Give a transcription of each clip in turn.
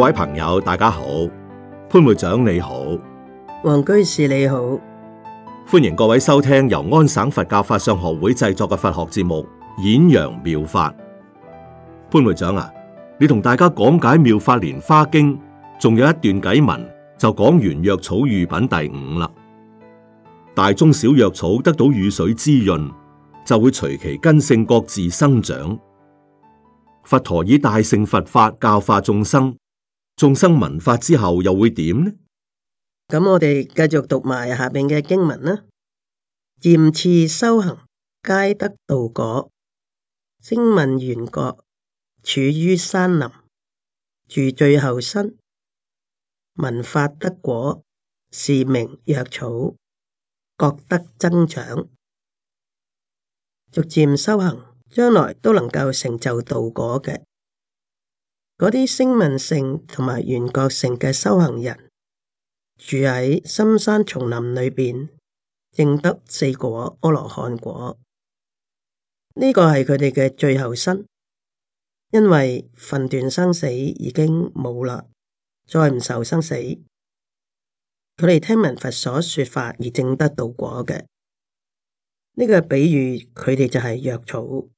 各位朋友，大家好，潘會長你好，王居士你好，歡迎各位收聽由安省佛教法相學會製作嘅佛學節目《演揚妙法》。潘會長啊，你同大家講解《妙法蓮花經》，仲有一段偈文就講完藥草喻品第五啦。大中小藥草得到雨水滋潤，就會隨其根性各自生長。佛陀以大聖佛法教化眾生。眾生聞法之後又會點呢？咁我哋繼續讀埋下邊嘅經文啦。漸次修行，皆得道果。聲聞緣覺，處於山林，住最後身，聞法得果，是名藥草，各得增長，逐漸修行，將來都能夠成就道果嘅。嗰啲聲聞性同埋緣覺性嘅修行人，住喺深山叢林裏邊，證得四果阿羅漢果。呢、這個係佢哋嘅最後身，因為分段生死已經冇啦，再唔受生死。佢哋聽聞佛所說法而證得到果嘅，呢、這個比喻佢哋就係藥草。.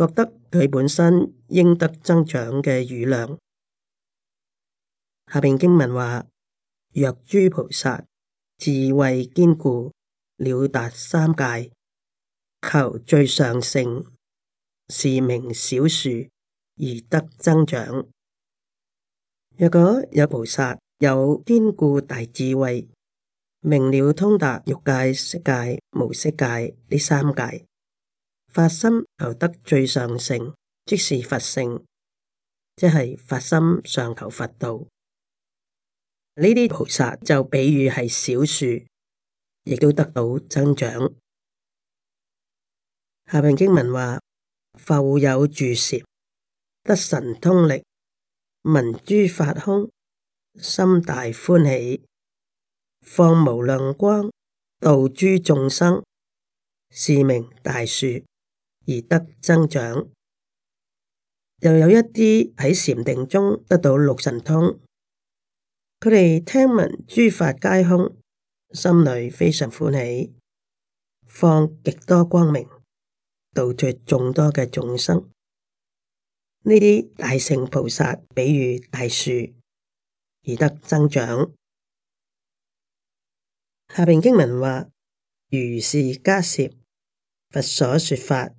覺得佢本身應得增長嘅雨量。下邊經文話：若諸菩薩智慧堅固，了達三界，求最上乘，是名小樹而得增長。若果有菩薩有堅固大智慧，明了通達欲界、色界、無色界呢三界。發心求得最上乘，即是佛性，即係發心上求佛道。呢啲菩薩就比喻係小樹，亦都得到增長。下邊經文話：復有住禪得神通力，聞諸法空，心大歡喜，放無量光，度諸眾生，是名大樹。而得增長，又有一啲喺禪定中得到六神通，佢哋聽聞諸法皆空，心裏非常歡喜，放極多光明，度脫眾多嘅眾生。呢啲大聖菩薩，比喻大樹而得增長。下邊經文話：如是迦葉，佛所說法。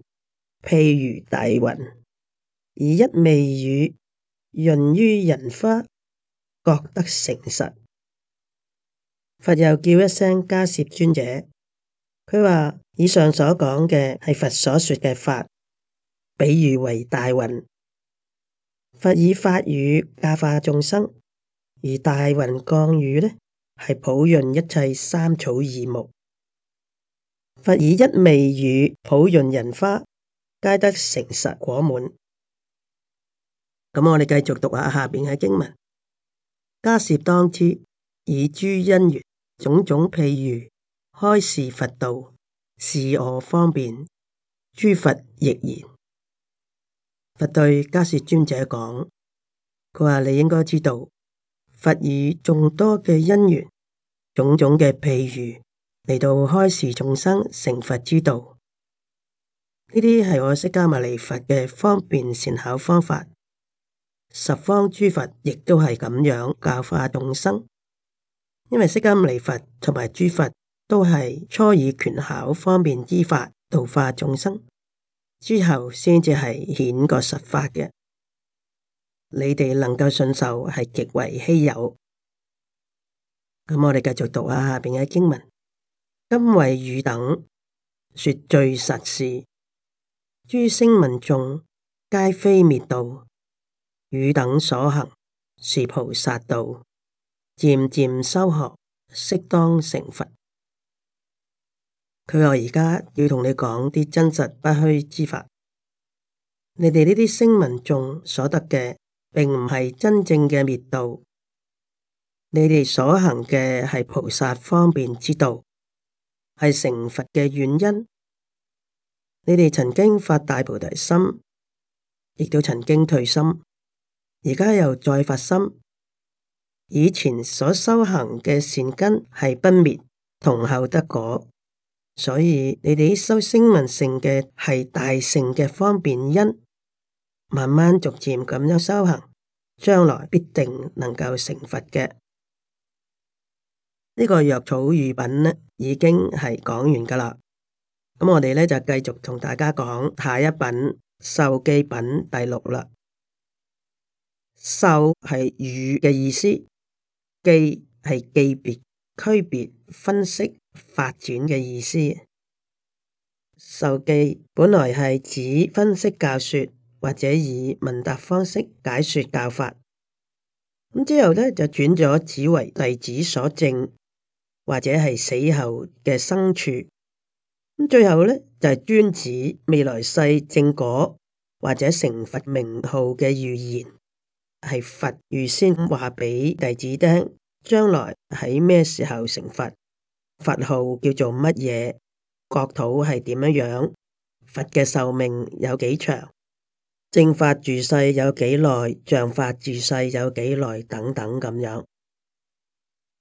譬如大雲，以一味雨潤於人花，各得成實。佛又叫一聲迦葉尊者，佢話：以上所講嘅係佛所說嘅法，比喻為大雲。佛以法雨教化眾生，而大雲降雨呢，係普潤一切三草二木。佛以一味雨普潤人花。皆得誠實果滿。咁我哋繼續讀下下邊嘅經文。迦葉當知，以諸因緣種種譬喻開示佛道。是我方便，諸佛亦然。佛對迦葉尊者講，佢話，你應該知道，佛以眾多嘅因緣、種種嘅譬喻嚟到開示眾生成佛之道。呢啲係我釋迦牟尼佛嘅方便善巧方法，十方諸佛亦都係咁樣教化眾生。因為釋迦牟尼佛同埋諸佛都係初以權巧方便依法度化眾生，之後先至係顯個實法嘅。你哋能夠信受係極為稀有。咁我哋繼續讀下下邊嘅經文：今為汝等，說最實事。諸聲民眾皆非滅道，汝等所行是菩薩道，漸漸修學，適當成佛。佢話而家要同你講啲真實不虛之法。你哋呢啲聲民眾所得嘅，並唔係真正嘅滅道，你哋所行嘅係菩薩方便之道，係成佛嘅原因。你哋曾經發大菩提心，亦都曾經退心，而家又再發心。以前所修行嘅善根係不滅，同後得果。所以你哋呢修聲聞乘嘅係大乘嘅方便因，慢慢逐漸咁樣修行，將來必定能夠成佛嘅。呢、這個藥草喻品咧，已經係講完噶啦。咁我哋呢就繼續同大家講下一品授記品第六啦。授係與嘅意思，記係記別、區別、分析、發展嘅意思。授記本來係指分析教說，或者以問答方式解說教法。咁之後呢，就轉咗指為弟子所證，或者係死後嘅生處。最後呢，就係、是，專指未來世正果或者成佛名號嘅預言，係佛預先話畀弟子聽，將來喺咩時候成佛，佛號叫做乜嘢，國土係點樣樣，佛嘅壽命有幾長，正法住世有幾耐，像法住世有幾耐，等等咁樣。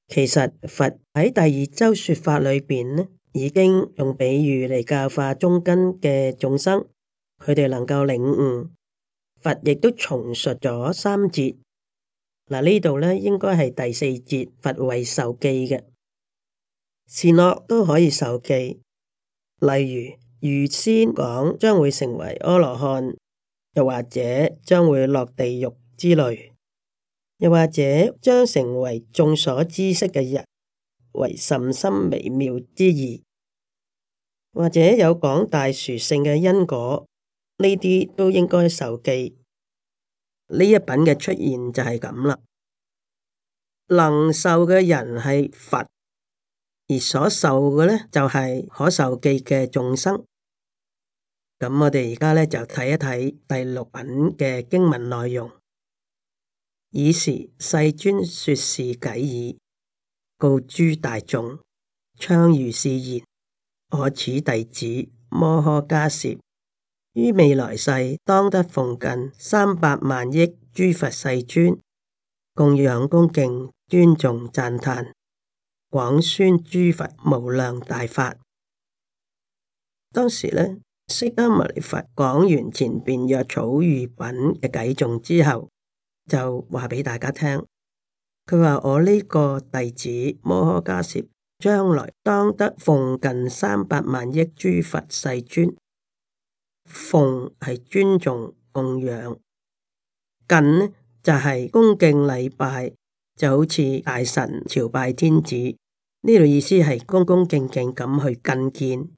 其實佛喺第二周說法裏邊呢，已經用比喻嚟教化中根嘅眾生，佢哋能夠領悟。佛亦都重述咗三節。嗱，呢度咧應該係第四節，佛為授記嘅善惡都可以授記，例如預先講將會成為阿羅漢，又或者將會落地獄之類，又或者將成為眾所知識嘅人，為甚深微妙之義。或者有廣大殊勝嘅因果，呢啲都應該受記。呢一品嘅出現就係咁啦。能受嘅人係佛，而所受嘅呢，就係、是、可受記嘅眾生。咁我哋而家咧就睇一睇第六品嘅經文內容。爾時世尊說是偈已，告諸大眾，唱如是言。我此弟子摩訶迦葉，於未來世，當得奉覲三百萬億諸佛世尊，供養恭敬尊重讚歎，廣宣諸佛無量大法。當時呢，釋迦牟尼佛講完前邊藥草喻品嘅偈頌之後，就話俾大家聽，佢話我呢個弟子摩訶迦葉。將來當得奉近三百萬億諸佛世尊，奉係尊重供養，近呢就係、是、恭敬禮拜，就好似大臣朝拜天子呢度意思，係恭恭敬敬咁去覲見。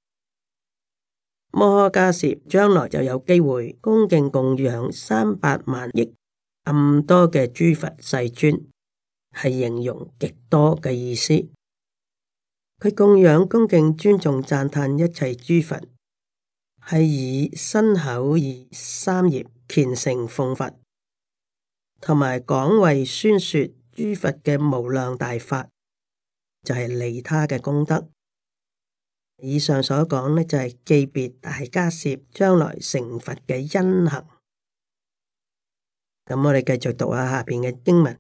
摩訶迦葉將來就有機會恭敬供養三百萬億咁多嘅諸佛世尊，係形容極多嘅意思。佢供養、恭敬、尊重、讚歎一切諸佛，係以身口意三業虔誠奉佛，同埋廣為宣說諸佛嘅無量大法，就係、是、利他嘅功德。以上所講呢，就係記別大家攝將來成佛嘅因行。咁我哋繼續讀下下邊嘅經文，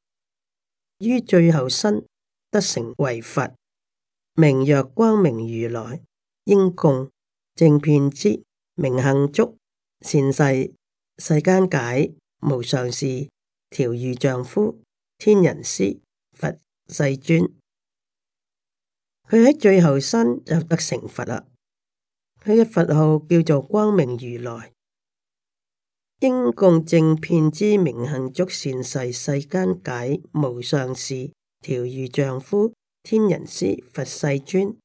於最後身得成為佛。名曰光明如來，應供正遍知明行足善逝世間解無上士調御丈夫天人師佛世尊。佢喺最後身就得成佛啦。佢嘅佛號叫做光明如來，應供正遍知明行足善逝世間解無上士調御丈夫。天人師佛世尊，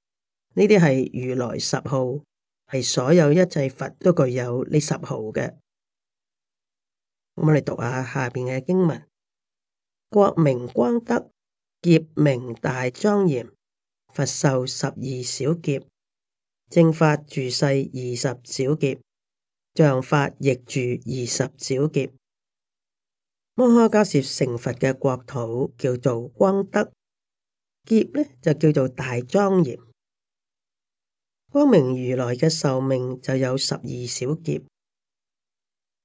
呢啲係如來十號，係所有一切佛都具有呢十號嘅。咁我哋讀下下邊嘅經文：國名光德，劫名大莊嚴，佛壽十二小劫，正法住世二十小劫，像法亦住二十小劫。摩訶迦葉成佛嘅國土叫做光德。劫咧，就叫做大莊嚴，光明如來嘅壽命就有十二小劫，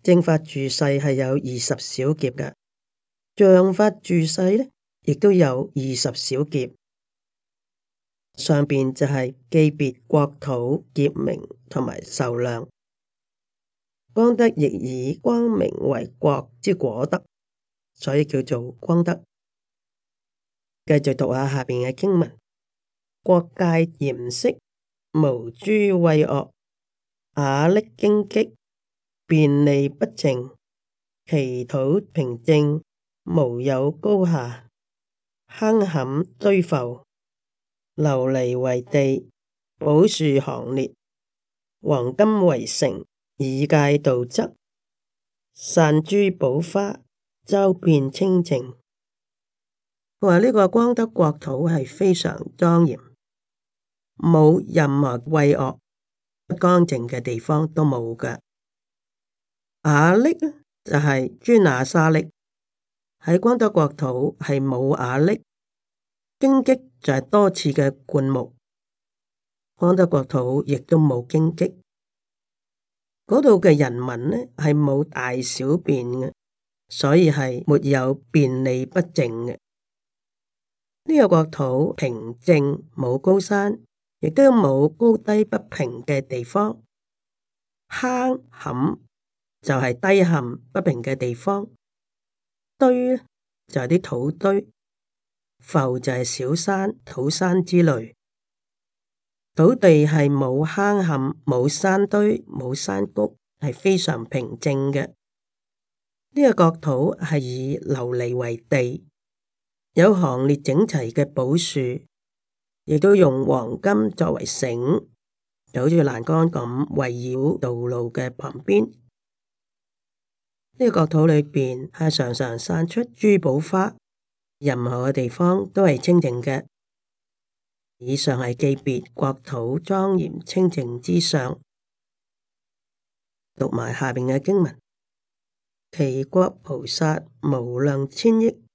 正法住世係有二十小劫嘅，像法住世咧亦都有二十小劫。上邊就係記別國土、劫名同埋壽量，光德亦以光明為國之果德，所以叫做光德。繼續讀下下面嘅經文：國界嚴飾，無諸穢惡，瓦礫荊棘，便利不淨，其土平正，無有高下，坑坎堆阜，琉璃為地，寶樹行列，黃金為繩，以界道側，散諸寶花，周遍清淨。佢話呢個光德國土係非常莊嚴，冇任何穢惡不乾淨嘅地方都冇噶。瓦礫就係磚瓦沙礫，喺光德國土係冇瓦礫。荊棘就係多刺嘅灌木，光德國土亦都冇荊棘。嗰度嘅人民呢係冇大小便嘅，所以係沒有便利不淨嘅。呢個國土平靜，冇高山，亦都冇高低不平嘅地方。坑坎就係、是、低陷不平嘅地方，堆就係、是、啲土堆，浮就係小山、土山之類。土地係冇坑陷、冇山堆、冇山谷，係非常平靜嘅。呢、這個國土係以琉璃為地。有行列整齊嘅寶樹，亦都用黃金作為繩，就好似欄杆咁圍繞道路嘅旁邊。呢、這個國土裏面係常常散出珠寶花，任何地方都係清淨嘅。以上係記別國土莊嚴清淨之上，讀埋下面嘅經文：其國菩薩無量千億。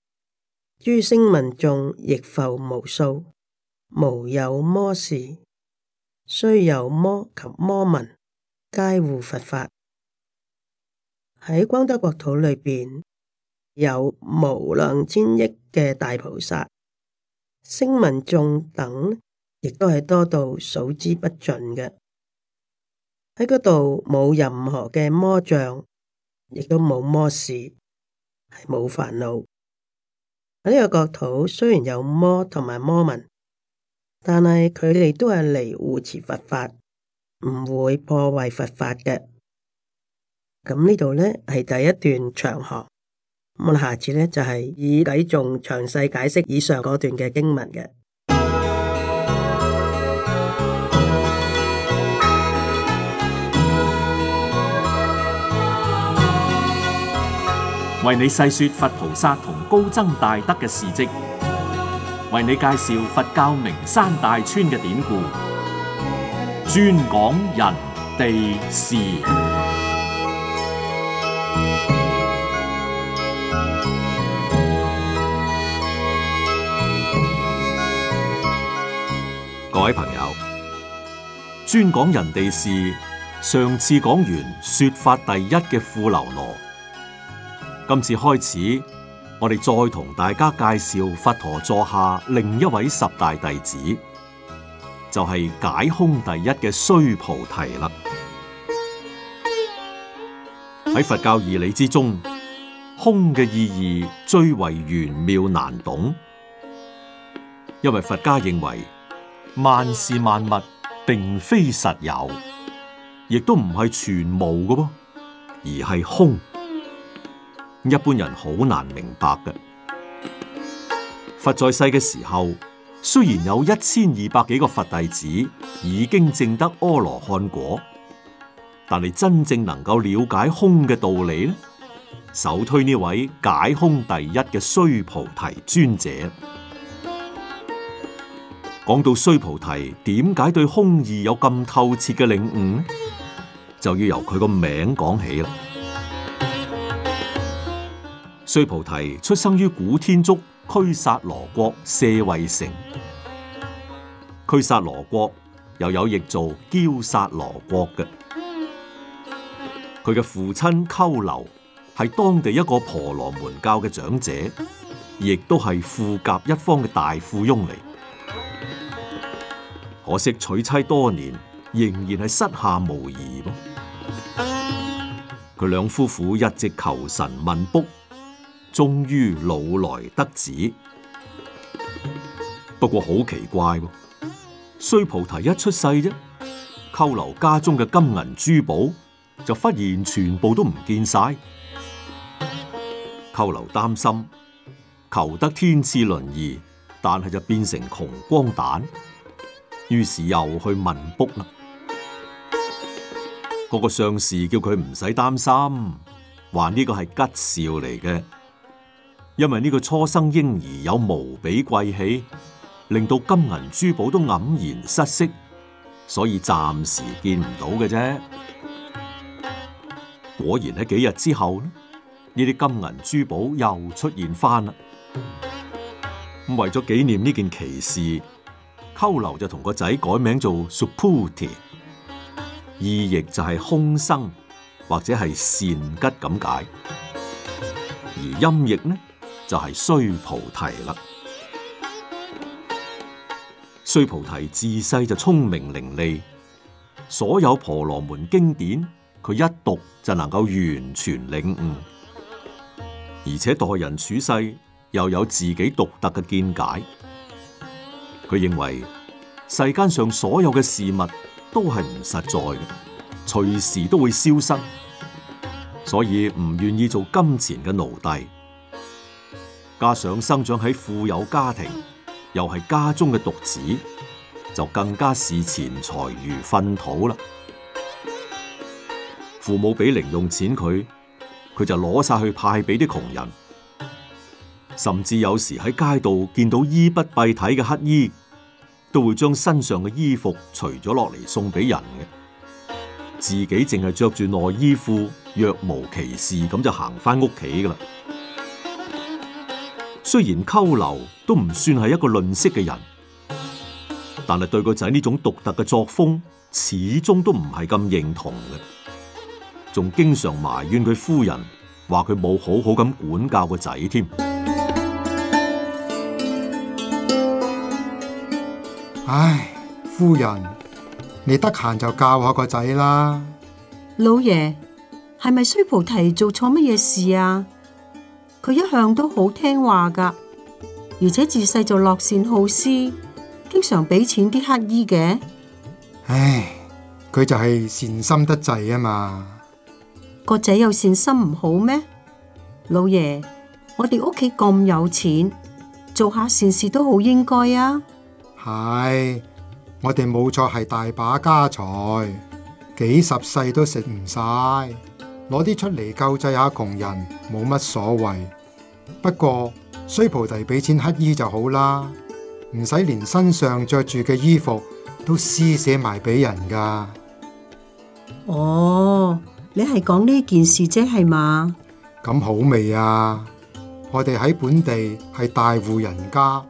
諸聲聞眾亦復無數，無有魔事。雖有魔及魔民，皆護佛法。喺光德國土裏邊，有無量千億嘅大菩薩、聲聞眾等，亦都係多到數之不盡嘅。喺嗰度冇任何嘅魔障，亦都冇魔事，係冇煩惱。呢個國土雖然有魔同埋魔民，但係佢哋都係嚟護持佛法，唔會破壞佛法嘅。咁呢度咧係第一段長行，咁我哋下次咧就係、是、以偈仲詳細解釋以上嗰段嘅經文嘅。為你細說佛菩薩同。高僧大德嘅事跡，為你介紹佛教名山大川嘅典故，專講人哋事。各位朋友，專講人哋事。上次講完說法第一嘅富樓那，今次開始。我哋再同大家介紹佛陀座下另一位十大弟子，就係、是、解空第一嘅須菩提啦。喺佛教義理之中，空嘅意義最為玄妙難懂，因為佛家認為萬事萬物並非實有，亦都唔係全無嘅噃，而係空。一般人好難明白嘅。佛在世嘅時候，雖然有一千二百幾個佛弟子已經證得阿羅漢果，但係真正能夠了解空嘅道理咧，首推呢位解空第一嘅須菩提尊者。講到須菩提，點解對空義有咁透徹嘅領悟咧？就要由佢個名講起啦。須菩提出生於古天竺拘薩羅國舍衛城，拘薩羅國又有譯做嬌薩羅國嘅。佢嘅父親鳩留係當地一個婆羅門教嘅長者，亦都係富甲一方嘅大富翁嚟。可惜娶妻多年，仍然係膝下無兒。佢兩夫婦一直求神問卜。終於老來得子，不過好奇怪，須菩提一出世啫，扣留家中嘅金銀珠寶就忽然全部都唔見晒，扣留擔心求得天賜麟兒，但係就變成窮光蛋，於是又去問卜啦。嗰個上士叫佢唔使擔心，話呢個係吉兆嚟嘅。因為呢個初生嬰兒有無比貴氣，令到金銀珠寶都黯然失色，所以暫時見唔到嘅啫。果然喺幾日之後呢，呢啲金銀珠寶又出現翻啦。咁為咗紀念呢件奇事，溝流就同個仔改名做 Suputi，意譯就係空生或者係善吉咁解，而音譯呢？就係須菩提啦。須菩提自細就聰明伶俐，所有婆羅門經典佢一讀就能夠完全領悟，而且待人處世又有自己獨特嘅見解。佢認為世間上所有嘅事物都係唔實在嘅，隨時都會消失，所以唔願意做金錢嘅奴隸。加上生長喺富有家庭，又係家中嘅獨子，就更加視錢財如糞土啦。父母俾零用錢佢，佢就攞晒去派俾啲窮人。甚至有時喺街道見到衣不蔽體嘅乞衣，都會將身上嘅衣服除咗落嚟送俾人嘅，自己淨係着住內衣褲，若無其事咁就行翻屋企㗎啦。雖然溝流都唔算係一個吝嗇嘅人，但係對個仔呢種獨特嘅作風，始終都唔係咁認同嘅，仲經常埋怨佢夫人，話佢冇好好咁管教個仔添。唉、哎，夫人，你得閒就教下個仔啦。老爺，係咪須菩提做錯乜嘢事啊？佢一向都好聽話噶，而且自細就樂善好施，經常俾錢啲乞衣嘅。唉，佢就係善心得滯啊嘛。個仔有善心唔好咩？老爺，我哋屋企咁有錢，做下善事都好應該啊。係，我哋冇錯，係大把家財，幾十世都食唔晒。攞啲出嚟救濟下窮人冇乜所謂，不過須菩提俾錢乞衣就好啦，唔使連身上着住嘅衣服都施捨埋俾人噶。哦，你係講呢件事啫係嘛？咁好味啊！我哋喺本地係大戶人家，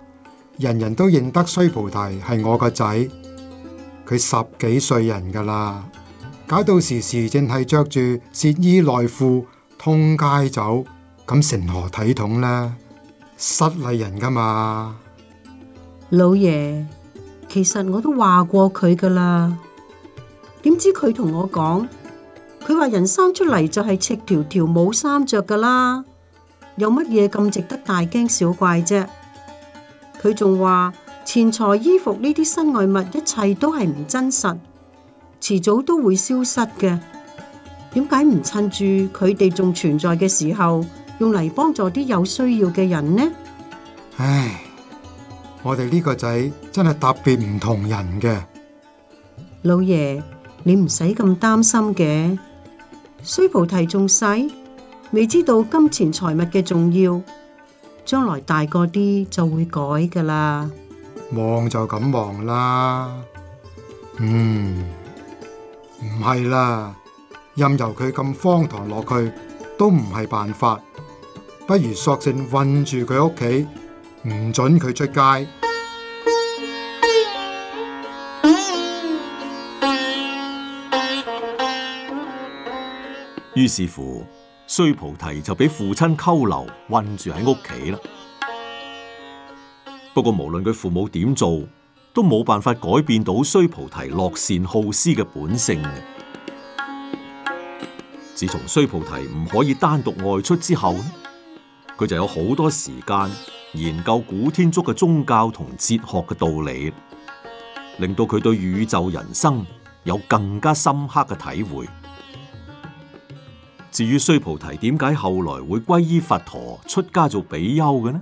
人人都認得須菩提係我個仔，佢十幾歲人噶啦。搞到時時淨係着住褻衣內褲通街走，咁成何體統呢？失禮人噶嘛，老爺，其實我都話過佢噶啦，點知佢同我講，佢話人生出嚟就係赤條條冇衫着噶啦，有乜嘢咁值得大驚小怪啫？佢仲話錢財衣服呢啲身外物，一切都係唔真實。遲早都會消失嘅，點解唔趁住佢哋仲存在嘅時候，用嚟幫助啲有需要嘅人呢？唉，我哋呢個仔真係特別唔同人嘅，老爺，你唔使咁擔心嘅。須菩提仲細，未知道金錢財物嘅重要，將來大個啲就會改㗎喇。望就咁望啦，嗯。唔係啦，任由佢咁荒唐落去都唔係辦法，不如索性困住佢屋企，唔准佢出街。於是乎，須菩提就俾父親拘留困住喺屋企啦。不過無論佢父母點做。都冇辦法改變到須菩提樂善好施嘅本性。自從須菩提唔可以單獨外出之後，佢就有好多時間研究古天竺嘅宗教同哲學嘅道理，令到佢對宇宙人生有更加深刻嘅體會。至於須菩提點解後來會皈依佛陀出家做比丘嘅呢？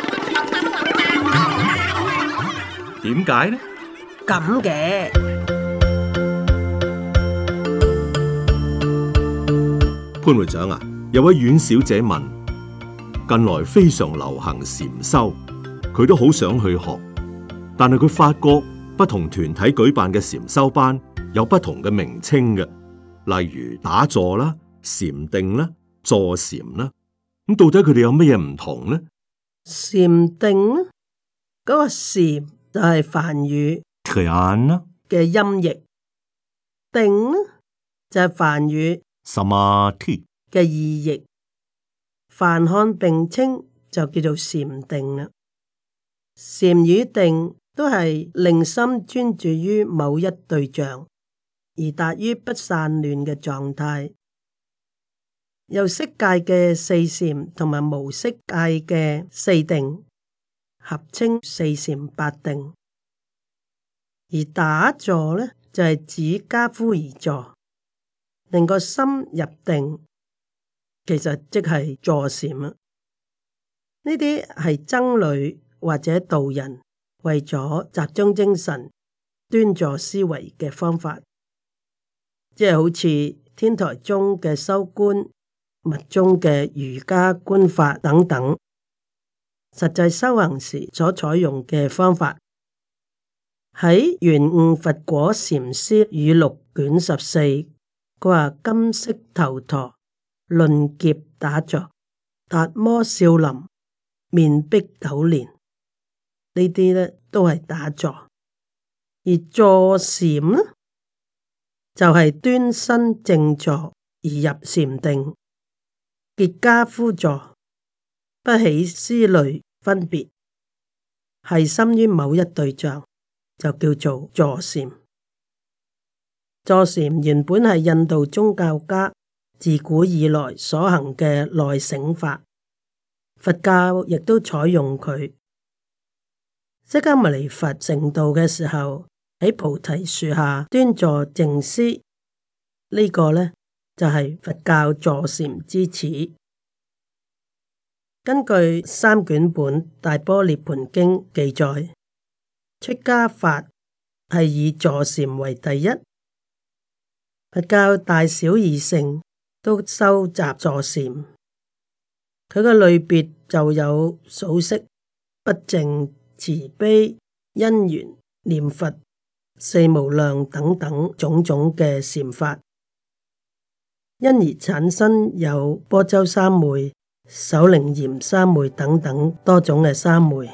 點解呢？咁嘅潘會長啊，有位阮小姐問，近來非常流行禪修，佢都好想去學，但係佢發覺不同團體舉辦嘅禪修班有不同嘅名稱嘅，例如打坐啦、禪定啦、坐禪啦，咁到底佢哋有乜嘢唔同呢？禪定啊，嗰個禪。就係梵語嘅音譯，定呢就係、是、梵語嘅意譯，梵漢並稱就叫做禪定。禪與定都係令心專注於某一對象，而達於不散亂嘅狀態。有色界嘅四禪同埋無色界嘅四定。合稱四禪八定，而打坐呢，就係、是、指跏趺而坐，令個心入定，其實即係坐禪。呢啲係僧侶或者道人為咗集中精神、端坐思維嘅方法，即係好似天台宗嘅修觀、密宗嘅瑜伽觀法等等。實際修行時所採用嘅方法，喺玄悟佛果禪師語錄卷十四，佢話，金色頭陀論劫打坐、達摩少林面壁九年，呢啲咧都係打坐。而坐禪呢，就係、是、端身正坐而入禪定，結跏趺坐。不起思慮分別，繫心於某一對象，就叫做坐禪。坐禪原本係印度宗教家自古以來所行嘅內省法，佛教亦都採用佢。釋迦牟尼佛成道嘅時候，喺菩提樹下端坐靜思，呢、呢個呢，就係、是、佛教坐禪之始。根據三卷本《大般涅槃經》記載，出家法係以坐禪為第一，佛教大小二乘都收集坐禪，佢個類別就有數息、不淨、慈悲、因緣、念佛、四無量等等種種嘅禪法，因而產生有般舟三昧。首楞嚴三昧等等多種嘅三昧。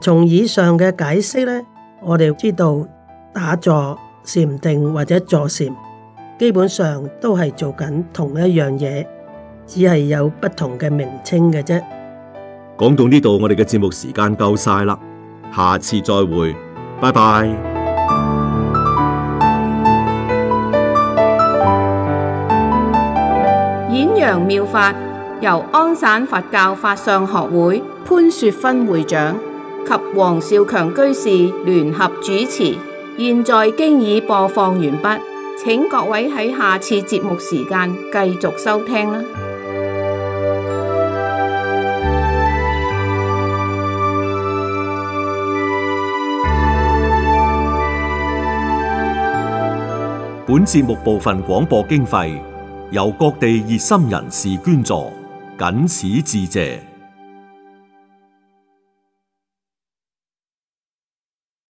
從以上嘅解釋咧，我哋知道打坐、禪定或者坐禪，基本上都係做緊同一樣嘢，只係有不同嘅名稱嘅啫。講到呢度，我哋嘅節目時間夠晒啦，下次再會，拜拜。演揚妙法。由安省佛教法相學會潘雪芬會長及黃少強居士聯合主持，現在經已播放完畢，請各位喺下次節目時間繼續收聽啦。本節目部分廣播經費由各地熱心人士捐助。僅此致謝。